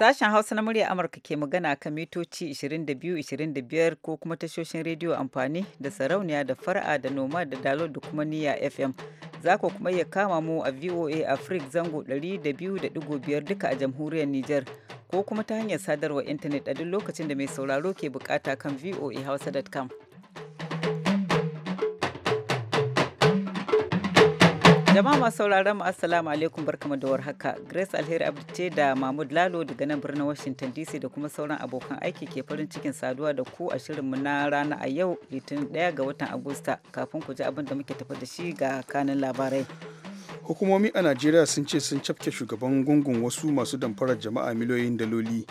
Sashen Hausa na murya Amurka ke magana kan mitoci 22-25 ko kuma tashoshin rediyo amfani da sarauniya da fara da noma da dalo da kuma niya FM. Za ku kuma iya kama mu a VOA Africa zango 200.5 duka a jamhuriyar Nijar ko kuma ta hanyar sadarwar intanet a duk lokacin da mai sauraro ke bukata kan voahausa.com. Jama'a masu sauraron mu assalamu alaikum barkamu da warhaka. Grace Alheri Abdice da Mahmud Lalo daga nan birnin Washington DC da kuma sauran abokan aiki ke farin cikin saduwa da ku a shirinmu na rana a yau Litinin daya ga watan Agusta kafin ku ji abin da muke tafi da shi ga kanin labarai. Hukumomi a Najeriya sun ce sun cafke shugaban gungun wasu masu damfarar jama'a miliyoyin daloli.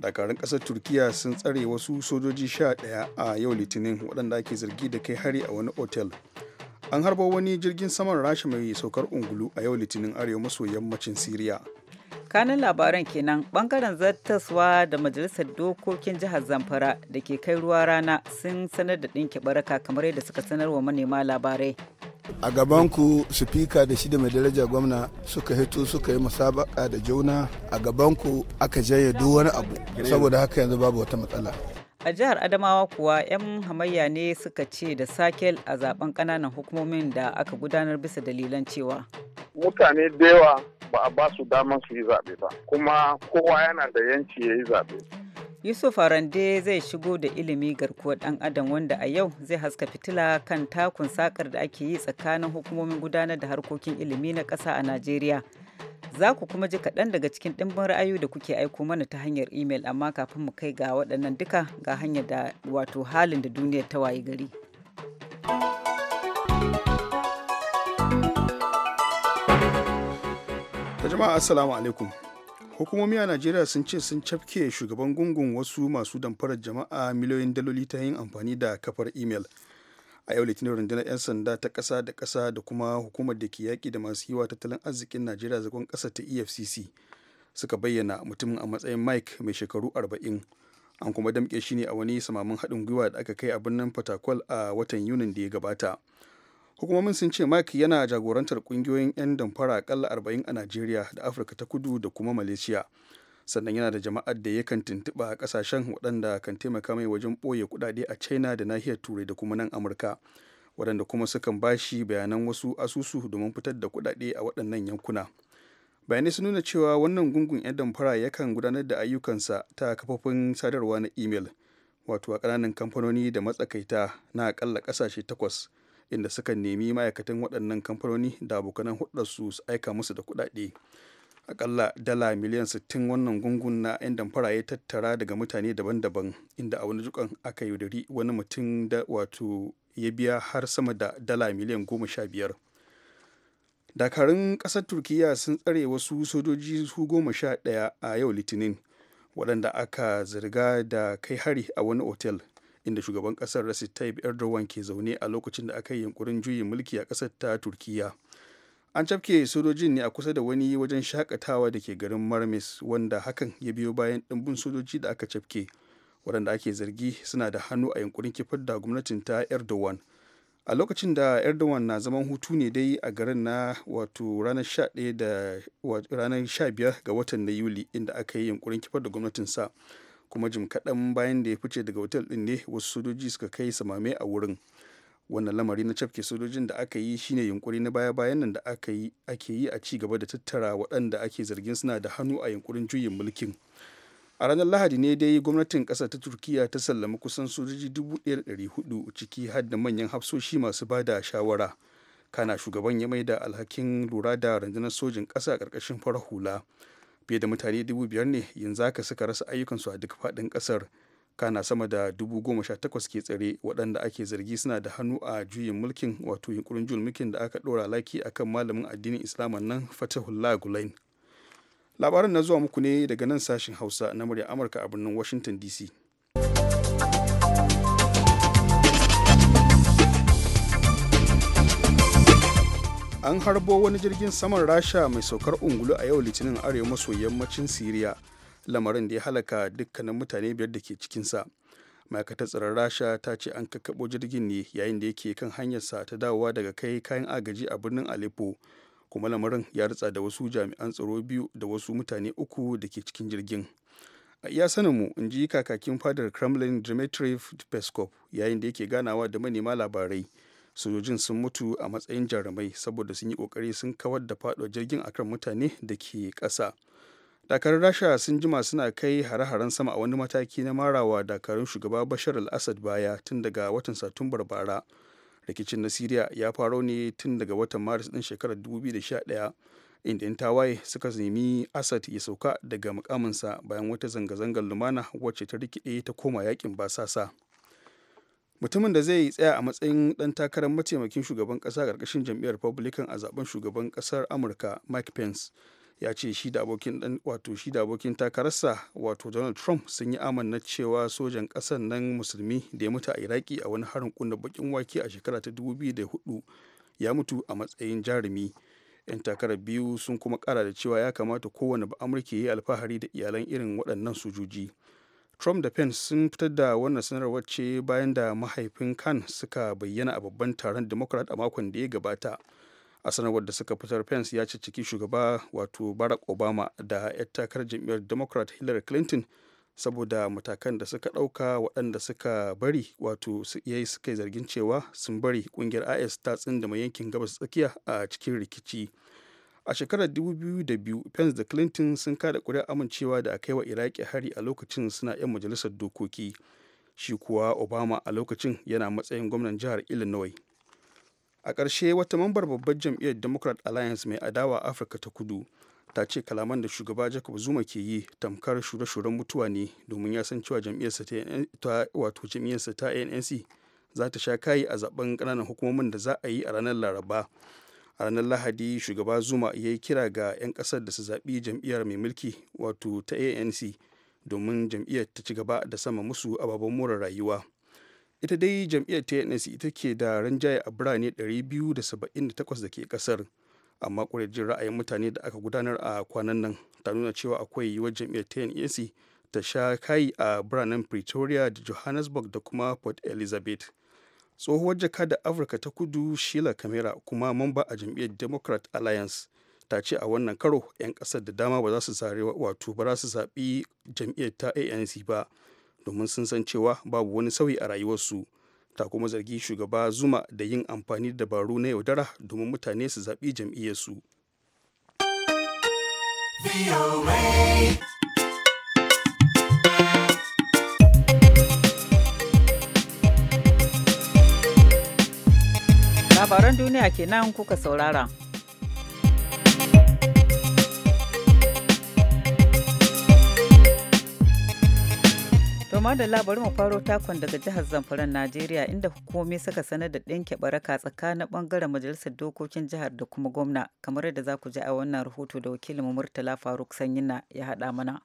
dakarun kasar turkiya sun tsare wasu sojoji sha daya a yau litinin waɗanda ake zargi da kai hari a wani otel an harbo wani jirgin saman rasha mai saukar ungulu a yau litinin arewa maso yammacin siriya kanin labaran kenan bangaren zartaswa da majalisar dokokin jihar zamfara da ke kai ruwa rana sun sanar da ɗinke baraka kamar yadda suka sanar wa manema labarai a gabanku sufika da shi da mai daraja gwamna suka hito suka yi musabaka da juna a gabanku aka jaye duk wani abu saboda haka yanzu babu wata matsala a jihar adamawa kuwa 'yan hamayya ne suka ce da sakel a zaben kananan hukumomin da aka gudanar bisa dalilan cewa mutane da yawa ba a ba su damar su yi zaɓe ba kuma kowa yana da yanci ya yi zaɓe yusuf arande zai shigo da ilimi garkuwar ɗan adam wanda a yau zai haska fitila kan takun sakar da ake yi tsakanin hukumomin gudanar da harkokin ilimi na ƙasa a najeriya Za ku kuma ji kaɗan daga cikin ɗimbin ra'ayoyi da kuke aiko mana ta hanyar imel amma kafin mu kai ga waɗannan duka ga hanyar da wato halin da duniyar ta waye gari. Ta jama'a assalamu alaikum. Hukumomi a Najeriya sun ce sun cafke shugaban gungun wasu masu damfarar jama'a miliyoyin daloli ta yin amfani da kafar imel. a yau litinin rundunar 'yan sanda ta ƙasa da ƙasa da kuma hukumar da ke yaƙi da masu yiwa tattalin arzikin najeriya zagon ƙasa ta efcc suka bayyana mutumin a matsayin mike mai shekaru 40 an kuma damƙe shi ne a wani samamin haɗin gwiwa da aka kai a birnin fatakwal a watan yunin da ya gabata hukumomin sun ce mike yana jagorantar ƙungiyoyin 'yan damfara akalla 40 a najeriya da afirka ta kudu da kuma malaysia sannan yana da jama'ar da yakan tuntuɓa a ƙasashen waɗanda kan taimaka mai wajen ɓoye kuɗaɗe a china da nahiyar turai da kuma nan amurka waɗanda kuma sukan bashi bayanan wasu asusu domin fitar da kuɗaɗe a waɗannan yankuna bayanai su nuna cewa wannan gungun 'yan damfara yakan gudanar da ayyukansa ta kafofin sadarwa na imel wato a ƙananan kamfanoni da matsakaita na aƙalla ƙasashe takwas inda sukan nemi ma'aikatan waɗannan kamfanoni da abokanan hudarsu su aika musu da kuɗaɗe akalla dala miliyan 60 wannan gungun na 'yan damfara ya tattara daga mutane daban-daban inda a wani jukan aka yaudari wani mutum da wato ya biya har sama da dala miliyan 15 dakarun ƙasar turkiya sun tsare wasu sojoji su goma sha ɗaya a yau litinin waɗanda aka zarga da kai hari a wani otel inda shugaban ƙasar recep tayyip erdogan ke zaune a lokacin da aka yi yunkurin juyin mulki a ƙasar ta turkiya an cafke sojojin ne a kusa da wani wajen shakatawa da ke garin marmis wanda hakan ya biyo bayan ɗimbin sojoji da aka cafke waɗanda ake zargi suna da hannu a yankurin kifar da gwamnatin ta erdogan a lokacin da erdogan na zaman hutu ne dai a garin na wato ranar 11 da 15 ga watan na yuli inda aka yi yunkurin kifar da gwamnatin sa kuma jim kaɗan bayan da ya fice daga otel ɗin ne wasu sojoji suka kai samame a wurin wannan lamari na cafke sojojin da aka yi shine yunkuri na baya-bayan nan da ake yi a ci gaba da tattara waɗanda ake zargin suna da hannu a yunkurin juyin mulkin a ranar lahadi ne dai gwamnatin ƙasa ta turkiya ta sallama kusan sojoji dubu 1,400 ciki har da manyan hafsoshi masu ba da shawara kana shugaban ya maida alhakin lura da rundunar sojin ƙasa a ƙarƙashin farar hula fiye da mutane 5,000 ne yanzu haka suka rasa ayyukansu a duk faɗin ƙasar kana sama da dubu goma sha takwas ke tsare waɗanda ake zargi suna da hannu a juyin mulkin wato yunkurin juyin mulkin da aka ɗora laki akan malamin addinin islam nan fatahullah gulain labarin na zuwa muku ne daga nan sashen hausa na murya amurka a birnin washington dc an harbo wani jirgin saman rasha mai saukar ungulu a yau litinin arewa maso yammacin siriya lamarin da ya halaka dukkanin mutane biyar da ke cikinsa ma'aikatar tsaron rasha ta ce an kakkaɓo jirgin ne yayin da yake kan hanyarsa ta dawowa daga kai kayan agaji a birnin aleppo kuma lamarin ya ritsa da wasu jami'an tsaro biyu da wasu mutane uku da ke cikin jirgin a iya mu in ji kakakin fadar kremlin dmitry peskov yayin da yake ganawa da manema labarai sojojin sun mutu a matsayin jarumai saboda sun yi kokari sun kawar da fado jirgin akan mutane da ke ƙasa. dakarun rasha sun jima suna kai hare-haren sama a wani mataki na marawa dakarun shugaba bashar al-assad baya tun daga watan satumbar bara rikicin na siriya ya faro ne tun daga watan maris din shekarar 2011 inda yan tawaye suka nemi assad ya sauka daga mukaminsa bayan wata zanga-zangar lumana wacce ta rikide ta koma yakin basasa mutumin da zai tsaya a matsayin dan takarar mataimakin shugaban kasa karkashin jam'iyyar republican a zaben shugaban kasar amurka mike pence ya ce shi da abokin dan wato shi da abokin takararsa wato Donald Trump sun yi amanna cewa sojan ƙasar nan musulmi da ya mutu a Iraki a wani harin kunna bakin wake a shekara ta 2004 ya mutu a matsayin jarumi. 'Yan takarar biyu sun kuma kara da cewa ya kamata kowane ba Amurka ya yi alfahari da iyalan irin waɗannan sojoji. Trump da Pence sun fitar da wannan sanarwar ce bayan da mahaifin Khan suka bayyana a babban taron Democrat a makon da ya gabata. a sanarwar da suka fitar pence ya cicciki shugaba wato barack obama da 'yar takarar jam'iyyar democrat hillary clinton saboda matakan da suka ɗauka waɗanda suka bari wato ya yi suka zargin cewa sun bari ƙungiyar is ta mai yankin gabas tsakiya a cikin rikici a shekarar 2002 pence da clinton sun kada ƙuri'ar amincewa da aka yi wa iraki hari a lokacin suna 'yan majalisar dokoki shi kuwa obama a lokacin yana matsayin gwamnan jihar illinois a ƙarshe wata mambar babbar jam'iyyar democrat alliance mai adawa afirka ta kudu ta ce kalaman da shugaba jacob zuma ke yi tamkar shure-shuren mutuwa ne domin ya san cewa jam'iyyarsa ta anc za ta sha kayi a zaben ƙananan hukumomin da za a yi a ranar laraba a ranar lahadi shugaba zuma ya yi kira ga 'yan ƙasar da su zaɓi jam'iyyar mai mulki wato ta anc domin jam'iyyar ta ci gaba da sama musu ababen more rayuwa ita dai jam'iyyar tns ita ke da ranjaye a birane 278 da ke kasar amma jin ra'ayin mutane da aka gudanar a kwanan nan ta nuna cewa akwai yiwuwar jam'iyyar tns ta sha kai a biranen pretoria da johannesburg da kuma port elizabeth tsohuwar jaka da afirka ta kudu sheila camara kuma mamba a jam'iyyar democrat alliance ta ce a wannan karo 'yan kasar da dama ba za su wato ba za su zaɓi jam'iyyar ta anc ba domin sun san cewa babu wani sauyi a rayuwarsu ta kuma zargi shugaba zuma da yin amfani da dabaru na yaudara domin mutane su zaɓi jam'iyyarsu labaran duniya kenan kuka saurara To da labarin mu faro takon daga jihar Zamfara Najeriya inda hukumomi suka sanar da ɗinke baraka tsakanin bangaren majalisar dokokin jihar da kuma gwamna kamar yadda za ku ji a wannan rahoto da wakilin Murtala Faruk Sanyina ya haɗa mana.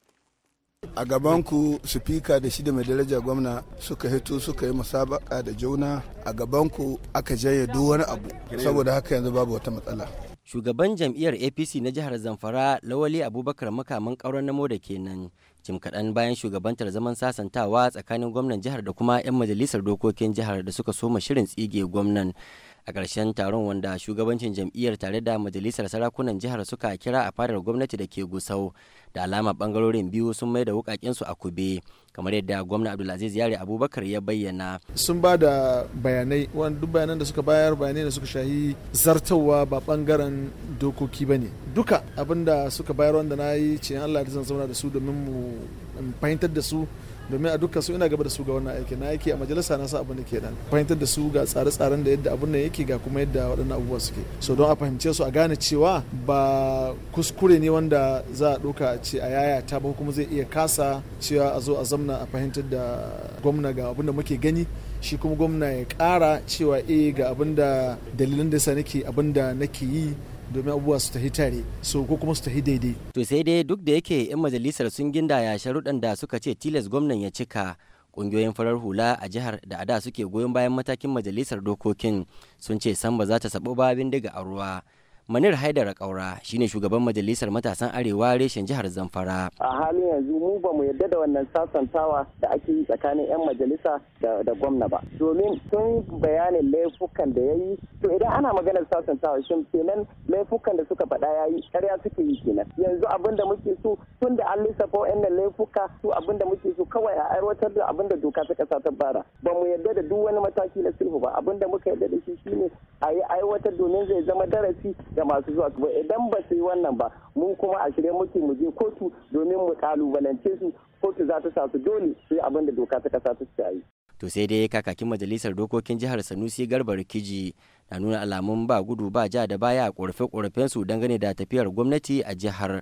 a gaban ku sufika da shi da mai daraja gwamna suka hito suka yi musabaka da juna a gaban ku aka jaya duk wani abu saboda haka yanzu babu wata matsala shugaban jam'iyyar apc na jihar zamfara lawali abubakar makaman ƙauran namo da kenan jim kaɗan bayan shugabantar zaman sasantawa tsakanin gwamnan jihar da kuma 'yan majalisar dokokin jihar da suka soma shirin tsige gwamnan a ƙarshen taron wanda shugabancin jam'iyyar tare da majalisar sarakunan jihar suka kira a fadar gwamnati da ke gusau da alama ɓangarorin biyu sun mai da wukakensu a kube kamar yadda gwamna abdulaziz yare abubakar ya bayyana sun ba da bayanai wani duk bayanan da suka bayar bayanai da suka shahi zartawa ba bangaren dokoki ba ne duka abinda suka bayar wanda na yi ce allah da zan zauna da su domin mu fahimtar da su domin a dukkan su ina gaba da su ga wannan aiki na aiki a majalisa na sa abu ne ke fahimtar da su ga tsare-tsaren da yadda abun nan yake ga kuma yadda waɗannan abubuwa suke so don a fahimce su a gane cewa ba kuskure ne wanda za a ɗauka a ce a yaya ta ba kuma zai iya kasa cewa a zo a zamna a fahimtar da gwamna ga abun da muke gani shi kuma gwamna ya ƙara cewa eh ga abin da dalilin da sa nake abin da nake yi domin abubuwa su tafi tare so ko kuma su tafi daidai. To sai dai duk da yake 'yan majalisar sun ginda gindaya sharuɗan da suka ce tilas gwamnan ya cika ƙungiyoyin farar hula a jihar da ada suke goyon bayan matakin majalisar dokokin sun ce san ba za ta sabo ba bindiga a ruwa. Manir Haidara Kaura shine shugaban majalisar matasan Arewa reshen jihar Zamfara. A halin yanzu mu ba mu yadda da wannan sasantawa da ake yi tsakanin 'yan majalisa da gwamna ba. Domin sun bayanin laifukan da ya yi, to idan ana maganar sasantawa shin kenan laifukan da suka faɗa ya yi ƙarya suke yi kenan. Yanzu abin da muke so tun da an lissafa wa'annan laifuka su abin da muke so kawai a aiwatar da abin da doka ta ƙasa ta bara. Ba mu yadda da duk wani mataki na sulhu ba abin da muka yadda da shi shine a yi aiwatar domin zai zama darasi da masu zuwa su idan ba su yi wannan ba mun kuma a shirye muke mu je kotu domin mu kalubalance su kotu za ta sa su dole su yi abin da doka ta kasa ta yi. to sai dai kakakin majalisar dokokin jihar sanusi garba rikiji na nuna alamun ba gudu ba ja da baya a korafe su dangane da tafiyar gwamnati a jihar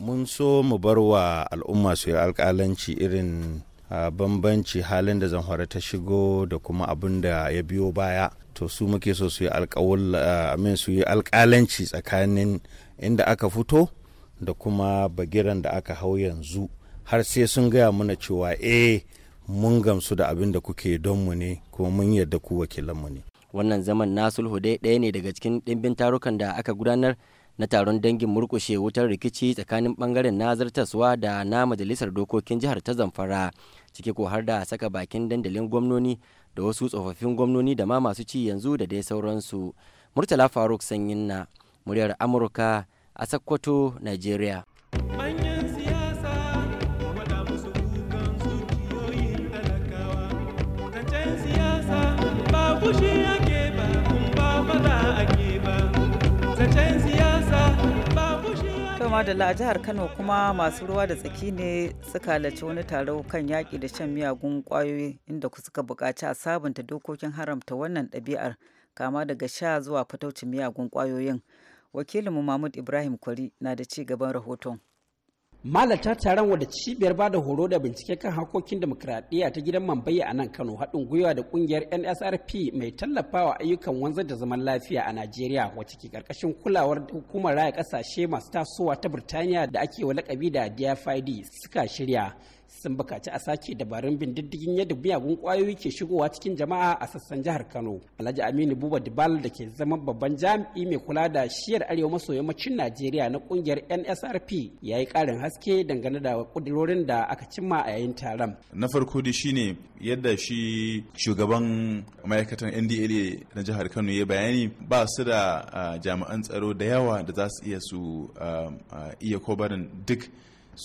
mun so mu bar wa al'umma su yi alkalanci irin bambanci halin da zamfara ta shigo da kuma abin da ya biyo baya to su muke so su yi su yi alkalanci tsakanin inda aka fito da kuma bagiran da aka hau yanzu har sai sun gaya mana cewa eh mun gamsu da abin da kuke don mu ne kuma mun yarda ku wakilan mu ne wannan zaman na sulhu dai ɗaya ne daga cikin ɗimbin tarukan da aka gudanar na taron dangin murkushe wutar rikici tsakanin bangaren nazartaswa da na majalisar dokokin jihar ta zamfara ciki ko har da saka bakin dandalin gwamnoni da wasu tsofaffin gwamnoni da ma masu ci yanzu da dai sauransu murtala faruk sanyin na muryar amurka a sakkwato nigeria To madalla a jihar Kano kuma masu ruwa da tsaki ne suka halarci wani taro kan yaƙi da shan miyagun ƙwayoyi inda suka buƙaci a sabunta dokokin haramta wannan ɗabi'ar kama daga sha zuwa fataucin miyagun ƙwayoyin. Wakilinmu Mahmud Ibrahim Kwari na da ci gaban rahoton. malata taron wadda cibiyar ba da horo da bincike kan harkokin demokuraɗiyya ta gidan mambayya a nan kano haɗin gwiwa da ƙungiyar nsrp mai tallafawa ayyukan wanzar da zaman lafiya a najeriya wacce ke ƙarƙashin kulawar hukumar raya ƙasashe masu tasowa ta birtaniya da ake wa lakabi da dfid suka shirya sun bukaci a sake dabarun bin diddigin yadda miyagun kwayoyi ke shigowa cikin jama'a a sassan jihar Kano. Alhaji Aminu Buba Dibal da ke zama babban jami'i mai kula da shiyar arewa maso yammacin Najeriya na kungiyar NSRP ya yi karin haske dangane da kudirorin da aka cimma a yayin taron. Na farko shi shine yadda shi shugaban ma'aikatan NDLA na jihar Kano ya bayani ba su da ah, jami'an tsaro da yawa da za su iya su ah, ah, iya kobarin duk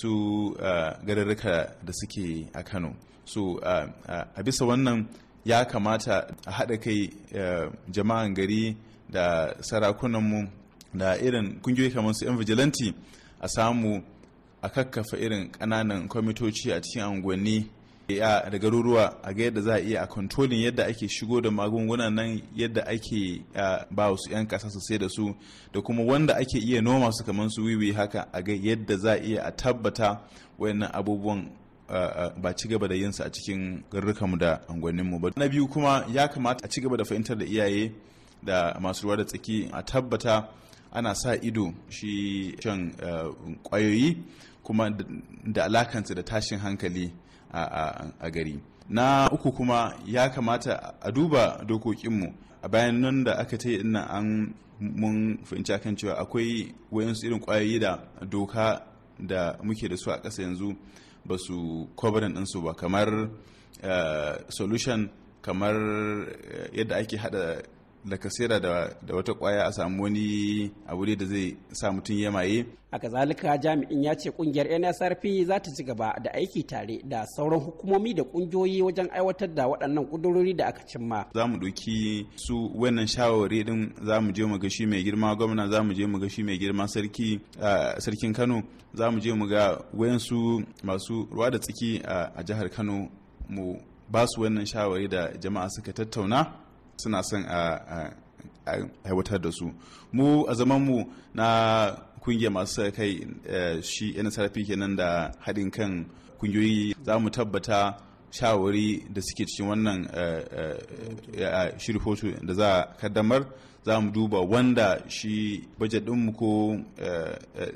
su ah, gararruka da suke a kano so ah, ah, a bisa wannan ya kamata a haɗa kai eh, jama'an gari da sarakunanmu da irin kungiyoyi kamar su 'yan vigilanti a samu a kakkafa irin ƙananan kwamitoci a cikin unguwanni a da garuruwa a ga yadda za a iya a kontrolin yadda ake shigo da magungunan nan yadda ake ba su 'yan kasa su sai da su da kuma wanda ake iya noma su kamar su wiwi haka a ga yadda za a iya a tabbata wayannan abubuwan ba ci gaba da yinsa a cikin mu da mu ba na biyu kuma ya kamata a ci gaba da fahimtar da iyaye da masu ruwa da tsaki a tabbata ana sa ido shi shan kwayoyi kuma da alakansa da tashin hankali a gari na uku kuma ya kamata a duba dokokinmu a bayan nan da aka ta yi an mun fahimci akan cewa akwai wayan irin kwayoyi da doka da muke da su a ƙasa yanzu ba su kwabarin ɗinsu ba kamar eh, solution kamar eh, yadda ake hada da ka da, da wata kwaya a samu wani abu da zai sa mutum ya maye. A kazalika jami'in ya ce kungiyar NSRP za ta ci gaba da aiki tare da sauran hukumomi da kungiyoyi wajen aiwatar da waɗannan ƙudurori da aka cimma. Za mu ɗauki su wannan shawarwari din za mu je mu ga shi mai girma gwamna za mu je mu ga shi mai girma sarkin Kano za mu je mu ga wayansu masu ruwa da tsaki a jihar Kano mu ba su wannan shawari da jama'a suka tattauna suna son a aiwatar da su mu a zaman mu na kungiyar masu kai eh, shi yana nsrp kenan da haɗin kan kungiyoyi za mu tabbata shawari da suke cikin wannan eh, eh, shirhoto da za a kaddamar za mu duba wanda shi bajet ɗinmu ko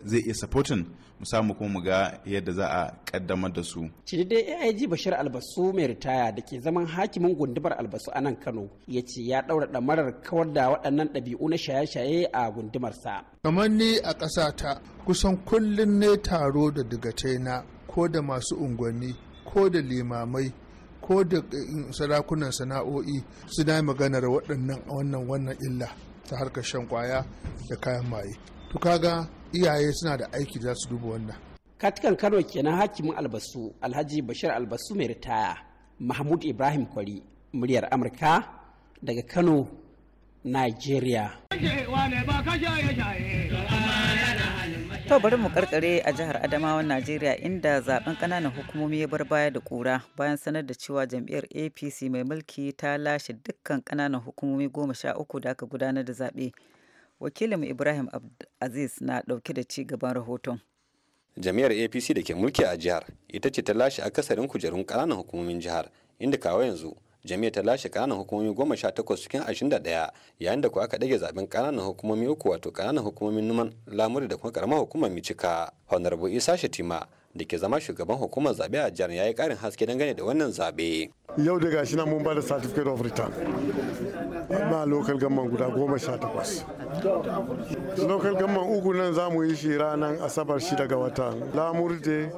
zai iya supporting mu samu kuma mu ga yadda za a kaddamar da su. dai AIG Bashir Albasu mai ritaya da ke zaman hakimin gundumar Albasu a nan Kano ya ce ya ɗaura ɗamarar kawar da waɗannan ɗabi'u na shaye-shaye a gundumarsa. Kamar ni a ƙasata kusan kullum ne taro da na ko da masu unguwanni ko da limamai ko da eh, sarakunan sana'o'i suna maganar waɗannan wannan wannan illa ta harkar shan kwaya da kayan maye. To kaga iyaye suna da aiki za su duba wannan katikan kano kenan hakimin albasu alhaji bashir albasu mai ritaya mahmud ibrahim kwari muryar amurka daga kano nigeria To bari mu karkare a jihar Adamawa Najeriya inda zaben kananan hukumomi ya bar baya da kura bayan sanar da cewa jam'iyyar APC mai mulki ta lashe dukkan kananan hukumomi goma sha uku da aka gudanar da zabe. wakilin ibrahim aziz na ɗauke da ci gaban rahoton jami'ar apc da ke mulki a jihar ita ce ta lashe akasarin kujerun ƙananan hukumomin jihar inda kawo yanzu jami'ar ta lashe ƙananan hukumomi goma sha takwas cikin ashirin da ɗaya yayin da kuwa aka ɗage zaben ƙananan hukumomi uku wato ƙananan hukumomin numan lamuri da kuma ƙaramar hukumar micika honorable isa shatima da ke zama shugaban hukumar zaɓe a jihar ya yi karin haske dangane da wannan zaɓe. yau daga shi na mun ba da certificate of return ba local government guda goma sha takwas local government uku nan za mu yi shi ranar asabar shi daga wata lamurde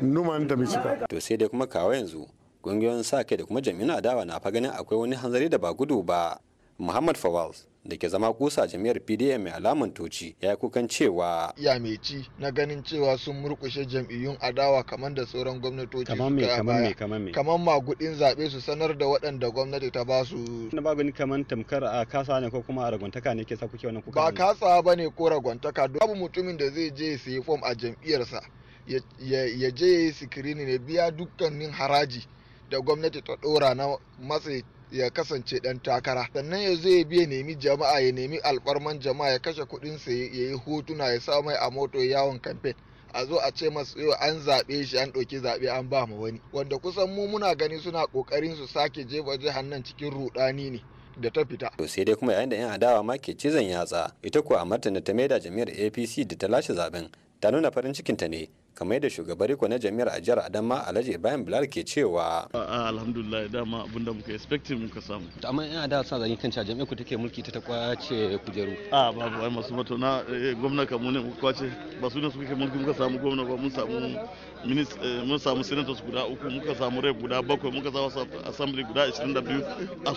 numan da michigan to sai dai kuma kawo yanzu ƙungiyoyin sa kai da kuma jami'an adawa na fa ganin akwai wani hanzari da ba gudu ba muhammad fawaz da ke zama kusa jami'ar pdm mai alaman toci ya yi kukan cewa ya mai ci na ganin cewa sun murkushe jam'iyyun adawa kamar da sauran gwamnatoci kamar me kamar me kamar me kamar magudin zabe su sanar da waɗanda gwamnati ta basu. na babu ni kamar tamkar a kasa ne ko kuma a ragwantaka ne ke sa kuke wannan kuka ba kasa bane ko ragwantaka babu mutumin da zai je ya sayi fom a jam'iyyarsa ya je ya yi sikirini ne biya dukkanin haraji da gwamnati ta dora na matsayi ya kasance dan takara sannan ya zo ya biya nemi jama'a ya nemi alfarman jama'a ya kashe kuɗin sa ya yi hotuna ya sa mai a moto yawon kamfen a zo a ce masu yau an zaɓe shi an ɗauki zaɓe an ba mu wani wanda kusan mu muna gani suna ƙoƙarin su sake jefa jihar nan cikin ruɗani ne da ta fita. To sai dai kuma yayin da 'yan adawa ma ke cizon yatsa ita kuwa a martana ta maida jami'ar APC da ta lashe zaben ta nuna farin cikinta ne kamar yadda shugaban riko na jami'ar a jihar adama alhaji ibrahim bilal ke cewa alhamdulillah dama abin da muka expect muka samu amma da sa zan yi kanta jami'ar ku take mulki ta ta kwace kujeru a babu ai masu mato na eh, gwamna kamu ne muka kwace ba su ne suke mulki muka samu gwamna ba mun samu eh, mun samu senators guda uku muka samu rep guda bakwai muka samu assembly guda 22 a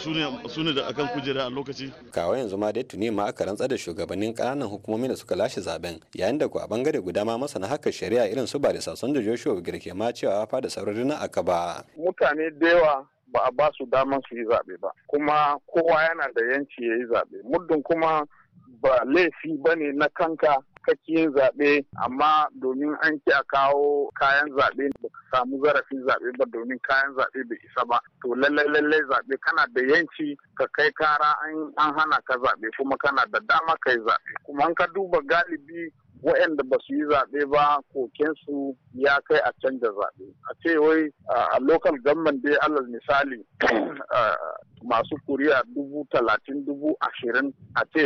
su ne da akan kujera a lokaci kawai yanzu ma dai tuni ma aka rantsar da shugabannin kananan hukumomi da suka lashe zaben yayin da ku a bangare guda ma masana haka shari'a irin ba da sun da joshua girke ma cewa fa da saurari na aka ba mutane da yawa ba a ba su daman su yi zaɓe ba kuma kowa yana da yanci ya yi zaɓe muddin kuma ba laifi ba ne na kanka kake yin zaɓe amma domin an ki a kawo kayan zaɓe ba ka samu zarafin zaɓe ba domin kayan zaɓe bai isa ba to lallai lallai zaɓe kana da yanci ka kai kara an hana ka zaɓe kuma kana da dama ka yi zaɓe kuma an ka duba galibi waɗanda ba su yi zaɓe ba kokensu ya kai a canza zaɓe a ce wai a local government dai alal misali masu kuriya dubu talatin dubu ashirin a ce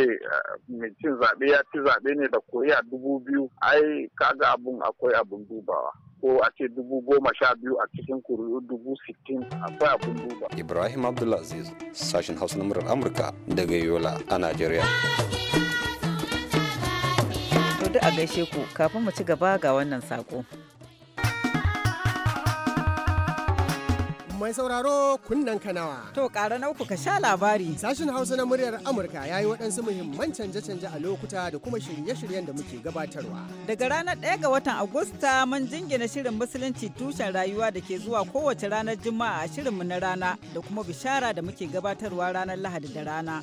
mai cin zaɓe ya ci zaɓe ne da kuriya dubu biyu ai kaga abun akwai abun dubawa ko a ce dubu goma sha biyu a cikin kuri'u dubu sittin akwai abun duba. Ibrahim Abdulaziz sashen Hausa na murar Amurka daga Yola a Najeriya. Audu a gaishe ku kafin mu ci gaba ga wannan sako. mai sauraro kunnen kanawa. To ƙara na uku ka sha labari. Sashen Hausa na muryar Amurka ya yi waɗansu muhimman canje-canje a lokuta da kuma shirye-shiryen da muke gabatarwa. Daga ranar 1 ga watan Agusta mun jingina shirin Musulunci tushen rayuwa da ke zuwa kowace ranar Juma'a a shirinmu na rana da kuma bishara da muke gabatarwa ranar Lahadi da rana.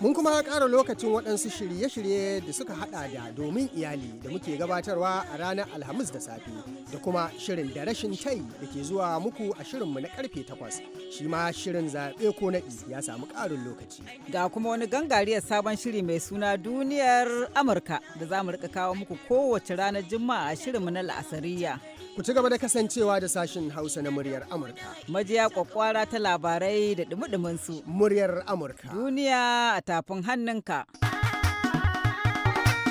Mun kuma kara lokacin waɗansu shirye-shirye da suka haɗa da domin iyali da muke gabatarwa a ranar Alhamis da safe da kuma shirin da rashin tai da ke zuwa muku a shirinmu na karfe takwas. Shi ma shirin zaɓe ko naɗi ya samu karin lokaci. Ga kuma wani gangariyar sabon shiri mai suna duniyar Amurka da za mu rika kawo muku kowace ranar Juma'a a shirinmu na La'asariya. Ku ci gaba da kasancewa da sashin Hausa na muryar Amurka. Majiya kwakwara ta labarai da dumi su. Muryar Amurka. Duniya a tafin hannunka.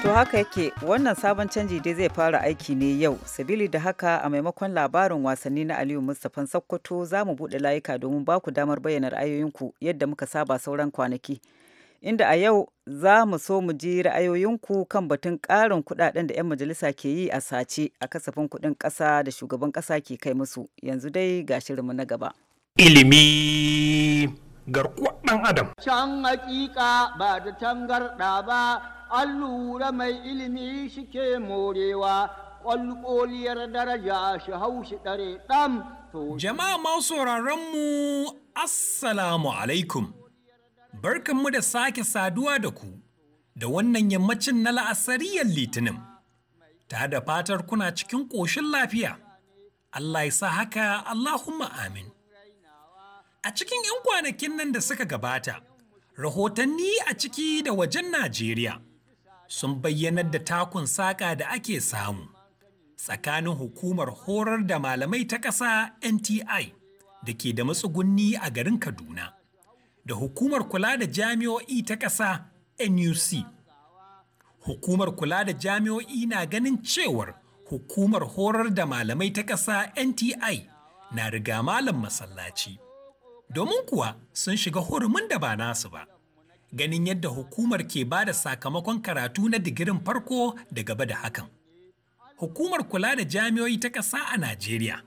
To haka yake wannan sabon canji dai zai fara aiki ne yau, sabili da haka a maimakon labarin wasanni na Aliyu Mustapha Sokoto za mu buɗe layuka domin ba ku damar bayyana ra'ayoyinku yadda muka saba sauran kwanaki. inda a yau za mu so mu ji ra'ayoyinku kan batun ƙarin kuɗaɗen da 'yan majalisa ke yi a sace a kasafin kuɗin ƙasa da shugaban ƙasa ke kai musu yanzu dai ga shirinmu na gaba. Ilimi garkuwar ɗan adam. Can hakika ba da tangarɗa ba, allura mai ilimi shike morewa, ƙwalƙoliyar daraja shi hau shi ɗare ɗam. Jama'a masu mu Assalamu alaikum. mu da sake saduwa da ku da wannan yammacin na la'asariyar litinin, ta da fatar kuna cikin ƙoshin lafiya, Allah ya sa haka Allahumma amin. A cikin ‘yan kwanakin nan da suka gabata, rahotanni a ciki da wajen Najeriya sun bayyanar da takun saƙa da ake samu tsakanin hukumar horar da malamai ta ƙasa NTI da ke da matsugunni a garin Kaduna. da Hukumar Kula da Jami'o'i ta Ƙasa NUC. Hukumar Kula da Jami'o'i na ganin cewar Hukumar Horar da Malamai ta Ƙasa NTI na riga malam masallaci. Domin kuwa sun shiga hurumin da ba nasu ba. Ganin yadda hukumar ke ba da sakamakon karatu na digirin farko da gaba da hakan. Hukumar kula da jami'oi ta ƙasa a Najeriya.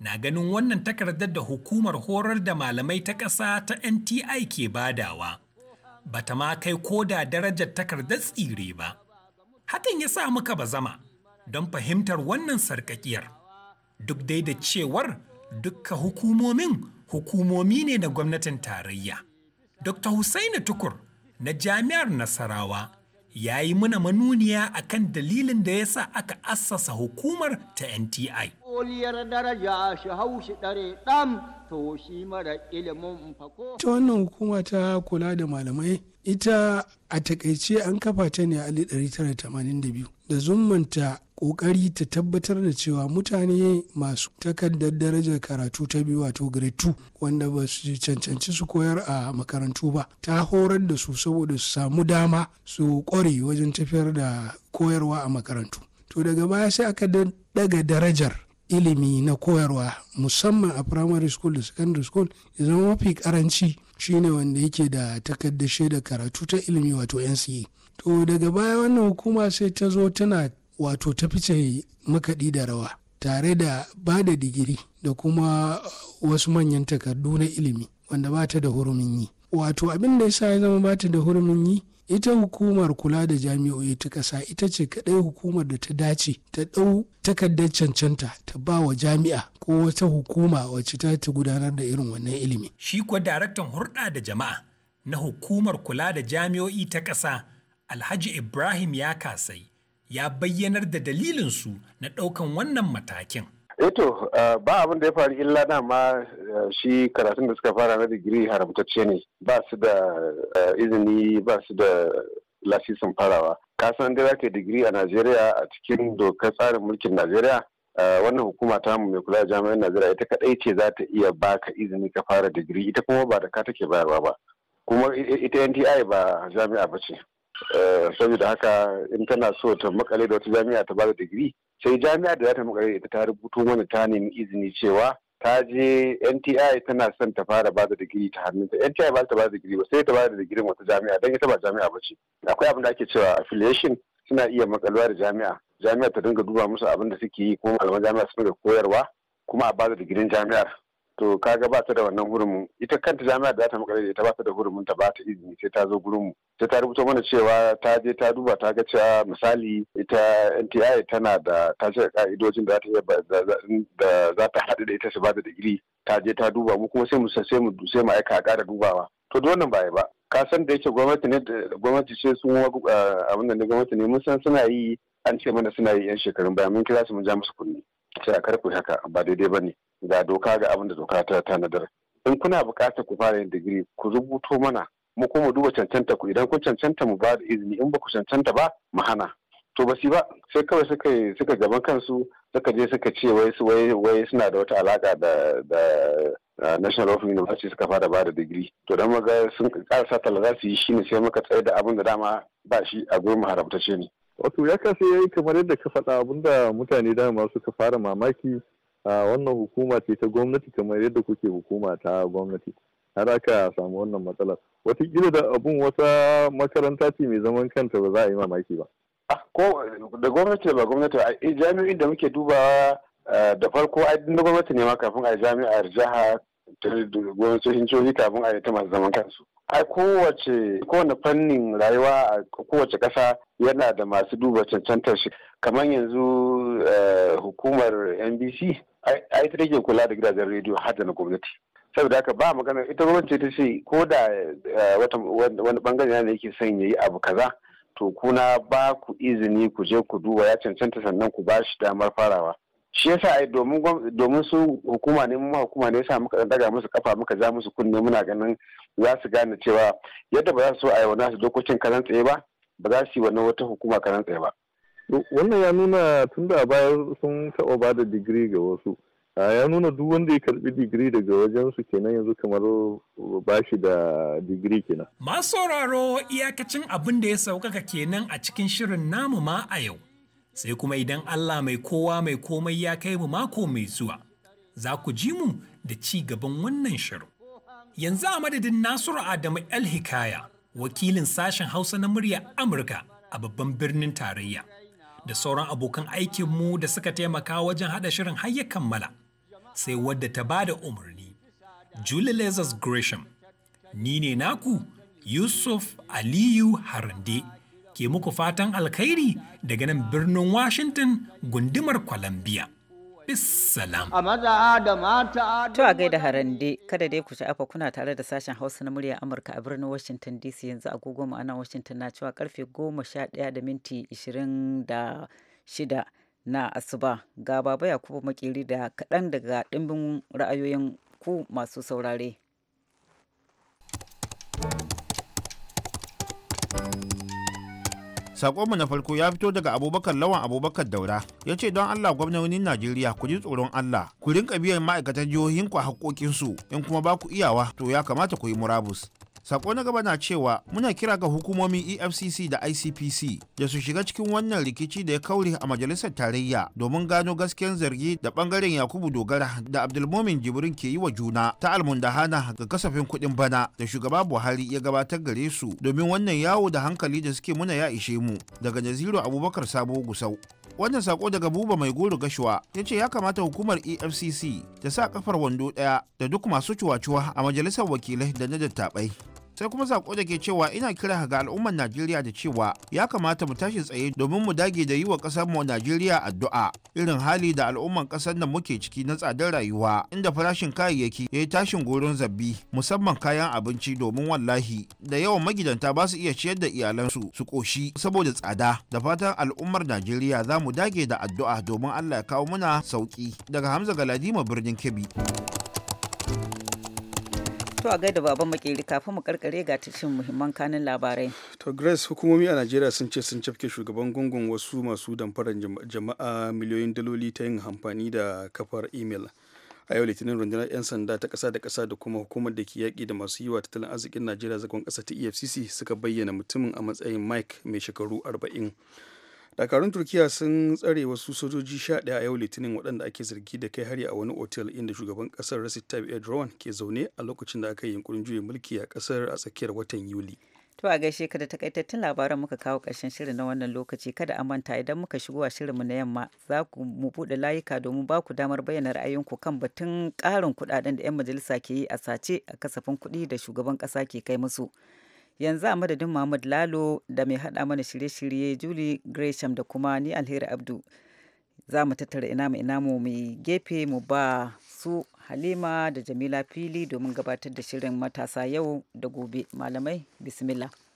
na ganin wannan takardar da hukumar horar da malamai ta ƙasa ta nti ke badawa bata ma kai ko da darajar takardar tsire ba hakan ya sa muka zama don fahimtar wannan sarkakiyar duk dai da cewar dukka hukumomin hukumomi ne na gwamnatin tarayya dr Hussaini tukur na jami'ar nasarawa ya yi muna manuniya akan dalilin da ya sa aka assasa hukumar ta nti koliyar daraja shi haushi ɗare ɗam to shi mara ilimin fako. Ta wannan hukuma ta kula da malamai ita a takaice an kafa ta ne a 1982 da zummanta kokari ta tabbatar da cewa mutane masu takardar darajar karatu ta biyu wato grade 2 wanda ba su cancanci su koyar a makarantu ba ta horar da su saboda su samu dama su kware wajen tafiyar da koyarwa a makarantu to daga baya sai aka daga darajar ilimi na koyarwa musamman a primary school da secondary school ya zama mafi karanci shine wanda yake da takardar da karatu ta ilimi wato nca e. to daga baya wannan hukuma sai ta zo tana wato ta fice makaɗi da rawa tare da ba da digiri da kuma wasu manyan takardu na ilimi wanda ba ta da hurumin yi wato abin da ya sa ya zama ba ta da hurumin yi ita hukumar kula da jami'o'i ta ƙasa ita ce kaɗai hukumar da ta dace ta ɗau takardar cancanta ta ba wa jami'a ko wata hukuma wacce ta ta gudanar da irin wannan ilimi. Shi kuwa daraktan hurɗa da jama'a na hukumar kula da jami'o'i ta ƙasa Alhaji Ibrahim ya kasai ya bayyanar da dalilinsu na ɗaukan wannan matakin. eto eh eh, ba abin da ya faru illa dama eh, shi karatun da suka fara na digiri haramtacce ne ba su da izini ba su da lasisin farawa kasan da ke digiri a najeriya a cikin dokar tsarin mulkin najeriya wannan hukuma ta mu mai kula da jami'an najeriya ita kadai ce za ta iya baka izini ka fara digiri ita kuma ba da ka take bayarwa ba kuma ita nti ba jami'a ba ce Eh, saboda haka in tana so ta makale da wata jami'a ta bada digiri sai jami'a da za ta makale ita ta rubuto mana ta nemi izini cewa ta je NTI tana son ta fara bada digiri ta hannunta NTI ba ta bada digiri ba sai ta bada digirin wata jami'a don ita ba jami'a ba ce akwai abin da ake cewa affiliation suna iya makalwa da jami'a jami'a ta dinga duba musu abin da suke yi kuma malaman jami'a suna da koyarwa kuma a bada digirin jami'ar to kaga ba ta da wannan hurumin ita kanta jami'a da ta makare da ita ba ta da hurumin ta ba ta izini sai ta zo gurin mu sai ta rubuta mana cewa ta je ta duba ta ga cewa misali ita NTI tana da ta ce ka'idojin da za ta haɗu da ita su ba da digiri ta je ta duba mu kuma sai mu sai mu sai mu aika ƙara dubawa to da wannan ba ba ka san da yake gwamnati ne gwamnati ce sun eh, abin da ne gwamnati ne mun san suna yi an ce mana suna yi yan shekarun baya mun kira su mun ja musu kunni sai a karfe haka ba daidai ba ne ga doka ga abin da doka ta tanadar in kuna bukatar ku fara yin digiri ku rubuto mana mu kuma duba cancanta ku idan kun cancanta mu bada izini in ba ku cancanta ba mu hana to ba ba sai kawai suka suka gaban kansu suka je suka ce wai su wai wai suna da wata alaka da da National of University suka fara ba da digiri to dan maza sun karasa talaza su yi shine sai muka tsaye da abin da dama ba shi a gurin haramtacce ne wato ya kasa yayi kamar yadda ka faɗa abinda mutane dama suka fara mamaki wannan hukuma ce ta gwamnati kamar yadda kuke hukuma ta gwamnati har aka samu wannan matsalar watakila da abun wata makaranta ce mai zaman kanta ba za a yi mamaki ba ah, ko da gwamnati ba gwamnati a jami'in da muke dubawa eh, da farko a na gwamnati ne ma kafin a jami'ar jiha gwamnatocin jihohi kafin a yi ta masu zaman kansu A kowace kowane fannin rayuwa a kowace kasa yana da masu duba cancantar shi kamar yanzu eh, hukumar nbc ai ta take kula da gidajen rediyo har da na gwamnati saboda haka ba magana ita gwamnati ta ce ko da eh, wani bangare ne yake son ya yi abu kaza to kuna ba ku izini ku je ku duba ya cancanta sannan ku ba shi damar farawa shi yasa ai domin domin su hukuma ne mu hukuma ne yasa muka daga musu kafa muka ja musu kunne muna ganin za su gane cewa yadda ba za su ai wannan dokokin karan tsaye ba ba za su yi wannan wata hukuma karan tsaye ba wannan ya nuna tun da baya sun taɓa ba da digiri ga wasu ya nuna duk wanda ya karɓi digiri daga wajen su kenan yanzu kamar ba shi da digiri kenan masu sauraro iyakacin abin da ya saukaka kenan a cikin shirin namu ma a yau sai kuma idan Allah mai kowa mai komai ya kai mu mako mai zuwa, za ku ji mu da ci gaban wannan shiru. Yanzu a madadin Nasiru Adamu El Hikaya, wakilin sashen Hausa na murya Amurka a babban birnin tarayya, da sauran abokan aikinmu da suka taimaka wajen haɗa shirin har ya kammala, sai wadda ta ba da umarni. Julie Lazarus Gresham, ni ne naku Yusuf Aliyu Harande. ke muku fatan alkhairi daga nan birnin Washington gundumar Columbia. Bissalam. A maza da mata. To a gaida harande kada dai ku sha'afa kuna tare da sashen Hausa na murya Amurka a birnin Washington DC yanzu agogo mu anan Washington na cewa karfe goma sha ɗaya da minti da shida na asuba ga baba Yakubu Makeri da kaɗan daga ɗimbin ra'ayoyin ku masu saurare. sakonmu na farko ya fito daga abubakar lawan abubakar daura ya ce don allah gwamnonin najeriya ku ji tsoron allah ku rinka biyan ma'aikatan jihohin ku a haƙoƙinsu in kuma ba ku iyawa to ya kamata ku yi murabus sako na gaba na cewa muna kira ga hukumomin efcc da icpc da su shiga cikin wannan rikici da ya kauri a majalisar tarayya domin gano gaskiyar zargi da bangaren yakubu dogara da abdulmomin jibrin ke yi wa juna ta almundahana ga kasafin kuɗin bana da shugaba buhari ya gabatar gare su domin wannan yawo da hankali da suke muna ya ishe mu daga naziru abubakar sabo gusau wannan sako daga buba mai goro gashuwa ya ce ya kamata hukumar efcc ta sa kafar wando daya da duk masu cuwacuwa a majalisar wakilai da na dattabai sai kuma sako da ke cewa ina kira ga al'ummar najeriya da cewa ya kamata mu tashi tsaye domin mu dage da yi wa ƙasar mu najeriya addu'a irin hali da al'ummar ƙasar nan muke ciki na tsadar rayuwa inda farashin kayayyaki ya yi tashin goron zabbi musamman kayan abinci domin wallahi da yawan magidanta ba su iya ciyar da iyalansu su ƙoshi saboda tsada da fatan al'ummar najeriya za mu dage da addu'a domin allah ya kawo muna sauki daga hamza galadima birnin kebbi To a gaida baban makeri kafin mu karkare ga tashin muhimman kanin labarai. To Grace hukumomi a Najeriya sun ce sun cafke shugaban gungun wasu masu damfarar jama'a miliyoyin daloli ta yin amfani da kafar email. A yau litinin rundunar 'yan sanda ta kasa da kasa da kuma hukumar da ke yaƙi da masu yiwa wa tattalin arzikin Najeriya zagon kasa ta EFCC suka bayyana mutumin a matsayin Mike mai shekaru arba'in. dakarun turkiya sun tsare wasu sojoji sha ɗaya a yau litinin waɗanda ake zargi da kai hari a wani otel inda shugaban kasar recep tayyip erdogan ke zaune a lokacin da aka yi yunkurin juya mulki a ƙasar a tsakiyar watan yuli To a gaishe ka da takaitattun labaran muka kawo ƙarshen shirin na wannan lokaci kada a manta idan muka shigo a shirinmu na yamma za ku mu buɗe layuka domin ba ku damar bayyana ra'ayinku kan batun ƙarin kuɗaɗen da 'yan majalisa ke yi a sace a kasafin kuɗi da shugaban ƙasa ke kai musu. yanzu a madadin Mahmud Lalo da mai haɗa mana shirye-shirye Julie Gresham da kuma ni Alheri Abdu. Za mu tattara ina mu ina mu mai gefe mu ba su Halima da Jamila Fili domin gabatar da shirin matasa yau da gobe. Malamai, bismillah.